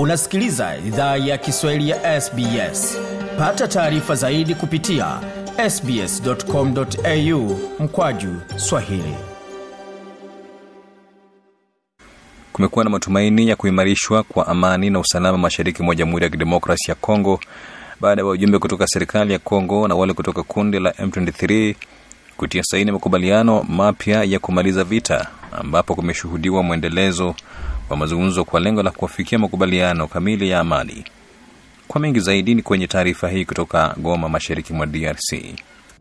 unasikiliza idhaa ya kiswahili ya sbs pata taarifa zaidi kupitia sbscomau mkwaju swahili kumekuwa na matumaini ya kuimarishwa kwa amani na usalama mashariki mwa jamhuri ya kidemokrasi ya kongo baada ya wajumbe kutoka serikali ya kongo na wale kutoka kundi la m23 kutia saini makubaliano mapya ya kumaliza vita ambapo kumeshuhudiwa mwendelezo kwa mazungumzo kwa lengo la kuwafikia makubaliano kamili ya amani. Kwa mengi zaidi ni kwenye taarifa hii kutoka Goma, mashariki mwa DRC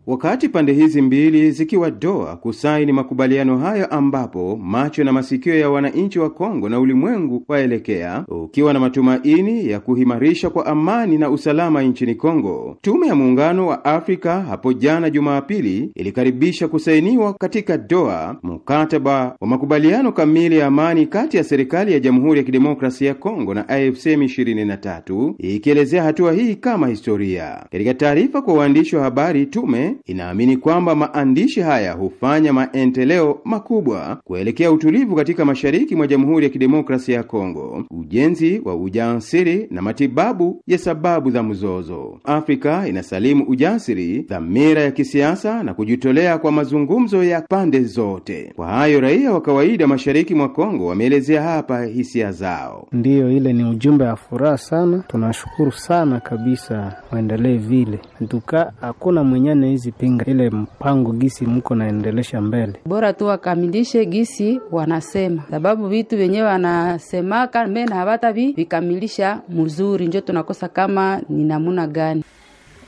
wakati pande hizi mbili zikiwa Doha kusaini makubaliano hayo, ambapo macho na masikio ya wananchi wa Kongo na ulimwengu waelekea, ukiwa na matumaini ya kuhimarisha kwa amani na usalama nchini Kongo. Tume ya Muungano wa Afrika hapo jana Jumapili ilikaribisha kusainiwa katika Doha mkataba wa makubaliano kamili ya amani kati ya serikali ya Jamhuri ya Kidemokrasia ya Kongo na AFC M23, ikielezea hatua hii kama historia. Katika taarifa kwa waandishi wa habari, tume inaamini kwamba maandishi haya hufanya maendeleo makubwa kuelekea utulivu katika mashariki mwa Jamhuri ya Kidemokrasia ya Kongo, ujenzi wa ujasiri na matibabu ya sababu za mzozo. Afrika inasalimu ujasiri, dhamira ya kisiasa na kujitolea kwa mazungumzo ya pande zote. Kwa hayo, raia wa kawaida mashariki mwa Kongo wameelezea hapa hisia zao. Ndiyo, ile ni ujumbe wa furaha sana. Tunashukuru sana kabisa, waendelee vile duka hakuna mwenyane hawawezi pinga ile mpango gisi mko naendelesha mbele, bora tu wakamilishe gisi wanasema, sababu vitu vyenyewe wanasemaka mena hawata vi vikamilisha mzuri, njo tunakosa kama ni namuna gani.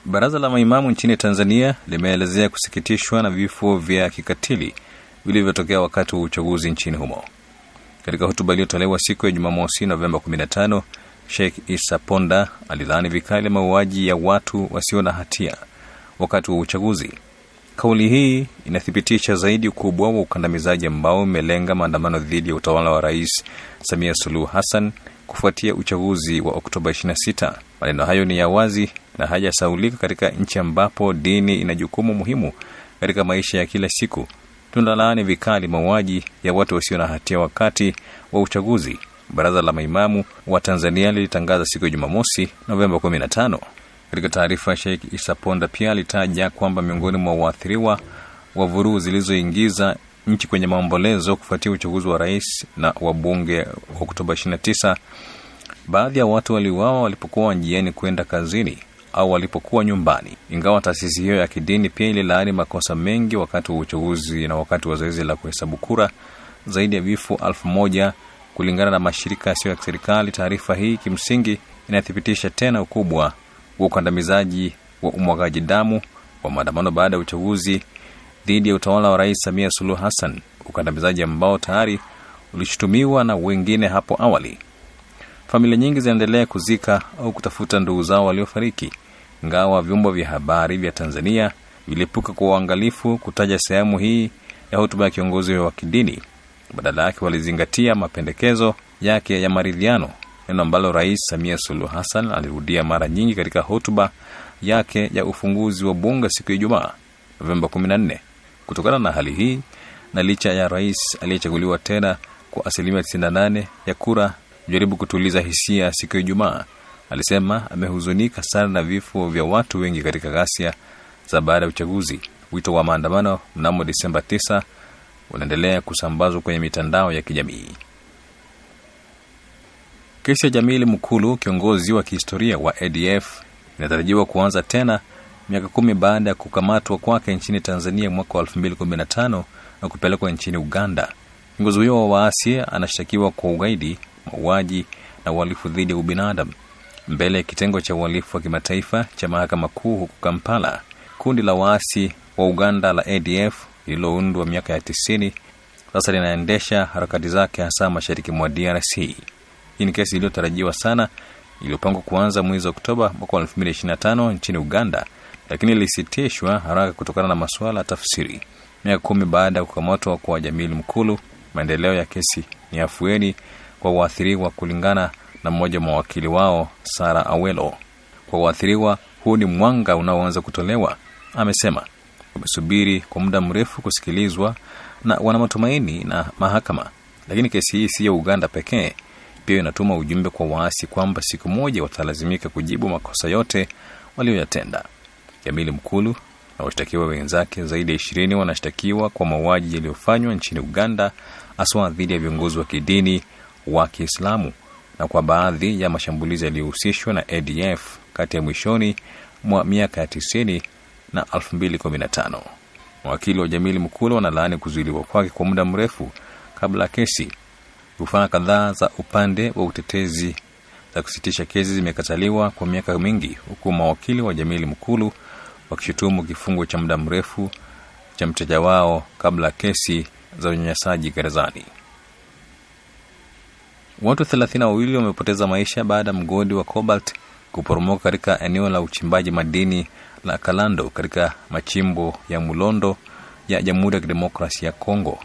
Baraza la maimamu nchini Tanzania limeelezea kusikitishwa na vifo vya kikatili vilivyotokea wakati wa uchaguzi nchini humo. Katika hotuba iliyotolewa siku ya Jumamosi, Novemba 15, Sheikh Isa Ponda alilaani vikali mauaji ya watu wasio na hatia wakati wa uchaguzi. Kauli hii inathibitisha zaidi ukubwa wa ukandamizaji ambao umelenga maandamano dhidi ya utawala wa Rais Samia Suluhu Hassan kufuatia uchaguzi wa Oktoba 26. Maneno hayo ni ya wazi na hayasaulika katika nchi ambapo dini ina jukumu muhimu katika maisha ya kila siku. Tunalaani vikali mauaji ya watu wasio na hatia wakati wa uchaguzi. Baraza la Maimamu wa Tanzania lilitangaza siku ya Jumamosi, Novemba 15 katika taarifa, Sheikh Isa Ponda pia alitaja kwamba miongoni mwa waathiriwa wa vurugu zilizoingiza nchi kwenye maombolezo kufuatia uchaguzi wa rais na wabunge Oktoba 29, baadhi ya watu waliuawa walipokuwa njiani kwenda kazini au walipokuwa nyumbani. Ingawa taasisi hiyo ya kidini pia ililaani makosa mengi wakati wa uchaguzi na wakati wa zoezi la kuhesabu kura, zaidi ya vifo elfu moja kulingana na mashirika yasiyo ya kiserikali. Taarifa hii kimsingi inathibitisha tena ukubwa wa ukandamizaji wa umwagaji damu wa maandamano baada ya uchaguzi dhidi ya utawala wa Rais Samia suluh Hassan, ukandamizaji ambao tayari ulishutumiwa na wengine hapo awali. Familia nyingi zinaendelea kuzika au kutafuta ndugu zao waliofariki, ingawa vyombo vya habari vya Tanzania viliepuka kwa uangalifu kutaja sehemu hii ya hotuba ya kiongozi wa kidini. Badala yake walizingatia mapendekezo yake ya maridhiano neno ambalo Rais Samia Suluhu Hassan alirudia mara nyingi katika hotuba yake ya ufunguzi wa bunge siku ya Ijumaa Novemba 14. Kutokana na hali hii na licha ya rais aliyechaguliwa tena kwa asilimia 98 ya kura kujaribu kutuliza hisia siku ya Ijumaa, alisema amehuzunika sana na vifo vya watu wengi katika ghasia za baada ya uchaguzi. Wito wa maandamano mnamo Disemba 9 unaendelea kusambazwa kwenye mitandao ya kijamii. Kesi ya Jamili Mukulu, kiongozi wa kihistoria wa ADF, inatarajiwa kuanza tena miaka kumi baada ya kukamatwa kwake nchini Tanzania mwaka wa 2015 na kupelekwa nchini Uganda. Kiongozi huyo wa waasi anashtakiwa kwa ugaidi, mauaji na uhalifu dhidi ya ubinadamu. Mbele ya kitengo cha uhalifu wa kimataifa cha mahakama kuu huko Kampala, kundi la waasi wa Uganda la ADF lililoundwa miaka ya 90 sasa linaendesha harakati zake hasa mashariki mwa DRC. Hii ni kesi iliyotarajiwa sana iliyopangwa kuanza mwezi Oktoba mwaka 2025 nchini Uganda, lakini ilisitishwa haraka kutokana na masuala ya tafsiri. Miaka kumi baada ya kukamatwa kwa Jamili Mkulu, maendeleo ya kesi ni afueni kwa waathiriwa, kulingana na mmoja wa mawakili wao Sara Awelo. Kwa waathiriwa, huu ni mwanga unaoanza kutolewa, amesema. Wamesubiri kwa muda mrefu kusikilizwa na wana matumaini na mahakama, lakini kesi hii siyo Uganda pekee pia inatuma ujumbe kwa waasi kwamba siku moja watalazimika kujibu makosa yote walioyatenda. Jamili Mkulu na washtakiwa wenzake zaidi ya ishirini wanashtakiwa kwa mauaji yaliyofanywa nchini Uganda, haswa dhidi ya viongozi wa kidini wa Kiislamu na kwa baadhi ya mashambulizi yaliyohusishwa na ADF kati ya mwishoni mwa miaka ya 90 na 2015. Mawakili wa Jamili Mkulu wanalaani kuzuiliwa kwake kwa muda mrefu kabla ya kesi Rufaa kadhaa za upande wa utetezi za kusitisha kesi zimekataliwa kwa miaka mingi, huku mawakili wa Jamili Mkulu wakishutumu kifungo cha muda mrefu cha mteja wao kabla kesi za unyanyasaji gerezani. Watu thelathini na wawili wamepoteza maisha baada ya mgodi wa cobalt kuporomoka katika eneo la uchimbaji madini la Kalando katika machimbo ya Mulondo ya Jamhuri ya Kidemokrasia ya congo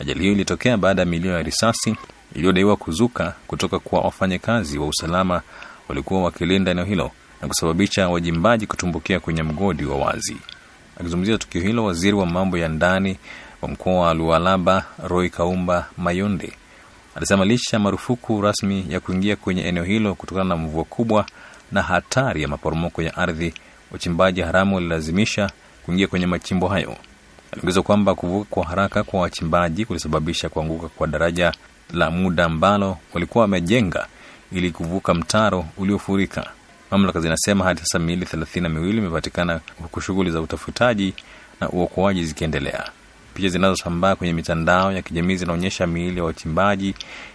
Ajali hiyo ilitokea baada ya milio ya risasi iliyodaiwa kuzuka kutoka kwa wafanyakazi wa usalama walikuwa wakilinda eneo hilo na kusababisha wajimbaji kutumbukia kwenye mgodi wa wazi. Akizungumzia tukio hilo, waziri wa mambo ya ndani wa mkoa wa Lualaba Roy Kaumba Mayonde alisema licha marufuku rasmi ya kuingia kwenye eneo hilo kutokana na mvua kubwa na hatari ya maporomoko ya ardhi, wachimbaji haramu walilazimisha kuingia kwenye machimbo hayo. Aliongeza kwamba kuvuka kwa haraka kwa wachimbaji kulisababisha kuanguka kwa daraja la muda ambalo walikuwa wamejenga ili kuvuka mtaro uliofurika. Mamlaka zinasema hadi sasa miili thelathini na miwili imepatikana huku shughuli za utafutaji na uokoaji zikiendelea. Picha zinazosambaa kwenye mitandao ya kijamii zinaonyesha miili ya wachimbaji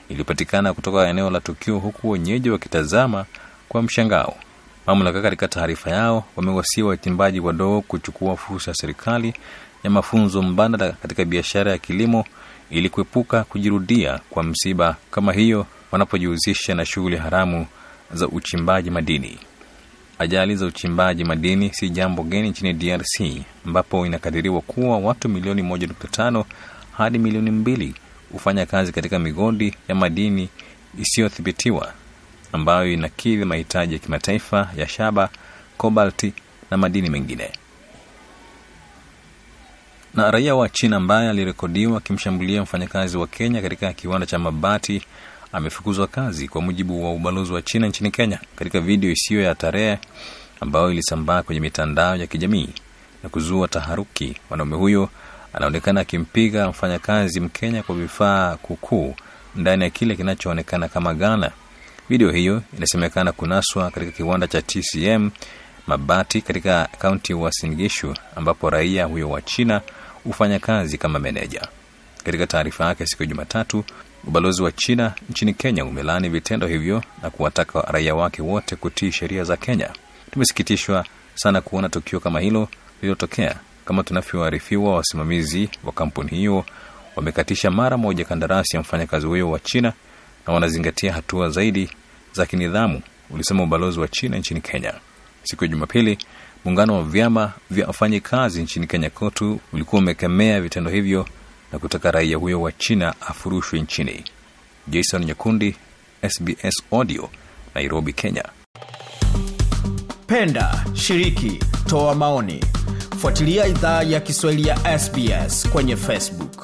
iliyopatikana kutoka eneo la tukio, huku wenyeji wakitazama kwa mshangao. Mamlaka katika taarifa yao wamewasia wachimbaji wadogo kuchukua fursa ya serikali ya mafunzo mbadala katika biashara ya kilimo ili kuepuka kujirudia kwa msiba kama hiyo wanapojihusisha na shughuli haramu za uchimbaji madini. Ajali za uchimbaji madini si jambo geni nchini DRC, ambapo inakadiriwa kuwa watu milioni 1.5 hadi milioni mbili hufanya kazi katika migodi ya madini isiyothibitiwa ambayo inakidhi mahitaji ya kimataifa ya shaba, kobalti na madini mengine na raia wa China ambaye alirekodiwa akimshambulia mfanyakazi wa Kenya katika kiwanda cha mabati amefukuzwa kazi, kwa mujibu wa ubalozi wa China nchini Kenya. Katika video isiyo ya tarehe ambayo ilisambaa kwenye mitandao ya kijamii na kuzua taharuki, mwanaume huyo anaonekana akimpiga mfanyakazi Mkenya kwa vifaa kukuu ndani ya kile kinachoonekana kama ghala. Video hiyo inasemekana kunaswa katika kiwanda cha TCM mabati katika kaunti wa Singishu ambapo raia huyo wa China hufanya kazi kama meneja. Katika taarifa yake siku ya Jumatatu, ubalozi wa China nchini Kenya umelaani vitendo hivyo na kuwataka raia wake wote kutii sheria za Kenya. Tumesikitishwa sana kuona tukio kama hilo lililotokea. Kama tunavyoarifiwa, wasimamizi wa kampuni hiyo wamekatisha mara moja kandarasi ya mfanyakazi huyo wa China na wanazingatia hatua zaidi za kinidhamu, ulisema ubalozi wa China nchini Kenya siku ya Jumapili. Muungano wa vyama vya wafanyikazi nchini Kenya, KOTU, ulikuwa umekemea vitendo hivyo na kutaka raia huyo wa China afurushwe nchini. Jason Nyakundi, SBS Audio, Nairobi, Kenya. Penda, shiriki, toa maoni, fuatilia idhaa ya Kiswahili ya SBS kwenye Facebook.